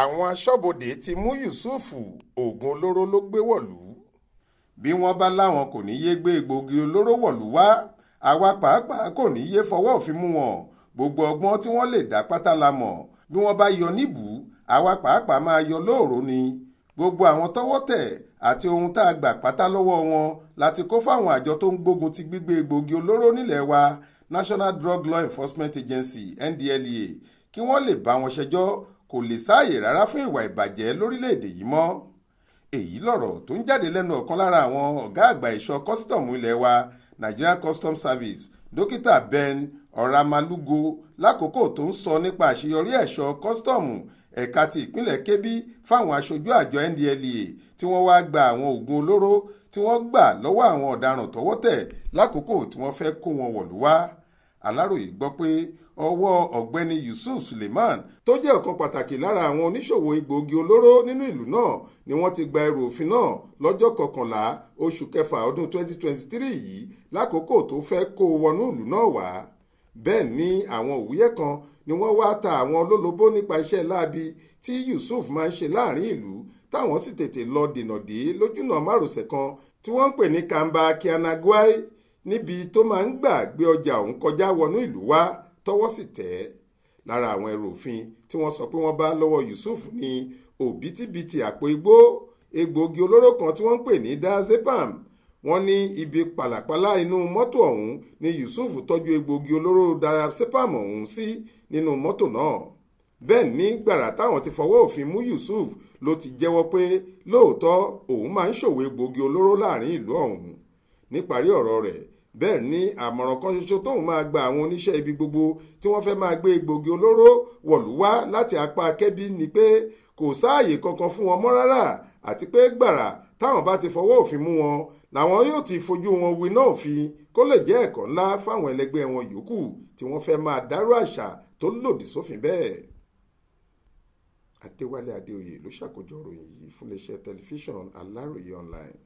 àwọn aṣọ́bodè ti mú yusuf oògùn olóró ló gbé wọ̀lú. bí wọ́n bá láwọn kò ní yé gbé egbògi olóró wọ̀lú wá àwa pàápàá kò ní yé fọwọ́ òfin mú wọn gbogbo ọgbọ́n tí wọ́n lè dá pátá la mọ̀ bí wọ́n bá yọ níbùú àwa pàápàá máa yọ lóòrò ni gbogbo àwọn tọ́wọ́ tẹ̀ àti ohun tá a gbà pátá lọ́wọ́ wọn láti kó fáwọn àjọ tó ń gbógun ti gbígbé egbògi olóró nílẹ̀ wa National Drug Law Enforcement Agency NDLEA kí wọ́n lè bá wọn ṣẹjọ́ kò lè sáàyè rárá fún ìwà ìbàjẹ́ lórílẹ̀‐èdè yìí mọ́ èyí lọ̀rọ̀ tó ń jáde lẹ́nu ọ̀kan lára àwọn ọ̀gá àgbà ìṣọ́ kọ́sítọ̀mù ilẹ̀ wa Nigerian Customs Service dókítà Ben Ọ̀ràmálúgo lákòókò tó ń sọ nípa àṣeyọrí ẹ̀ṣọ́ kọ́sítọ̀mù ẹ̀ka ti ìpínlẹ̀ Kebbi fáwọn aṣojú àjọ NDLEA tí wọ́n wáá gba àwọn oògùn olóró tí wọ́n gbà lọ́wọ́ àwọn ọ̀daràn tọ́wọ́ lákòókò tí wọ́n fẹ́ kó wọn wọ̀lú wá aláròye gbọ́ pé ọwọ́ ọ̀gbẹ́ni yusuf suleiman tó jẹ́ ọ̀kan pàtàkì lára àwọn oníṣòwò egbòogi olóró nínú ìlú náà ni wọ́n ti gba ẹrù òfin náà lọ́jọ́ kọkànlá oṣù kẹfà ọdún 2023 yìí lákòókò tó fẹ́ kó wọnú ìlú náà wá bẹ́ẹ̀ ni àwọn òwúyẹ́ kan ni wọ́n wá ta àwọn olólobó nípa iṣẹ́ láabi tí yusuf máa ń ṣe láàrin ìlú táwọn sì tètè lọ dènà dé lójúnà márosẹ̀ kan tí wọ́n ń pè ní kamba kianagwai níbi tó máa ń gbà gbé ọjà òun kọjá wọnú ìlú wa tọ́wọ́ sì tẹ̀ lára àwọn ẹrù òfin tí wọ́n sọ pé wọ́n bá lọ́wọ́ Yusuf ní òbítíbitì àpò igbó egbòogi olóró kan tí wọ́n ń pè ní dazepam wọ́n ní ibi pàlàpàlà inú mọ́tò ọ̀hún ni Yusuf tọ́jú egbòogi olóró dazepam ọ̀hún sí nínú mọ́tò náà bẹ́ẹ̀ ní gbàrà táwọn ti fọwọ́ òfin mú Yusuf ló ti jẹ́wọ́ pé lóòótọ́ òun máa ń ṣòwò egbòogi olóró láàrin ìlú ọ̀hún níparí ọ̀rọ̀ rẹ̀ bẹ́ẹ̀ ni àmọ̀ràn kan ṣoṣo tóun máa gba àwọn oníṣẹ́ ibi gbogbo tí wọ́n fẹ́ máa gbé egbògi olóró wọ̀lú wá láti apá kẹ́bí ni pé kò sáàyè kankan fún wọn mọ́ rárá àti pé gbàrà táwọn bá ti fọwọ́ òfin mú wọn làwọn yóò ti fojú wọn winá òfin kó lè jẹ́ ẹ̀kọ́ ńlá fáwọn ẹlẹgbẹ́ wọn yòókù tí wọ́n fẹ́ máa dárú àṣà tó lòdì sófin bẹ́ẹ̀. Adéwálé Adéoyè ló ṣàkójọ ìròyìn yìí fún iléeṣẹ́ tẹlifíṣàn Aláròye online.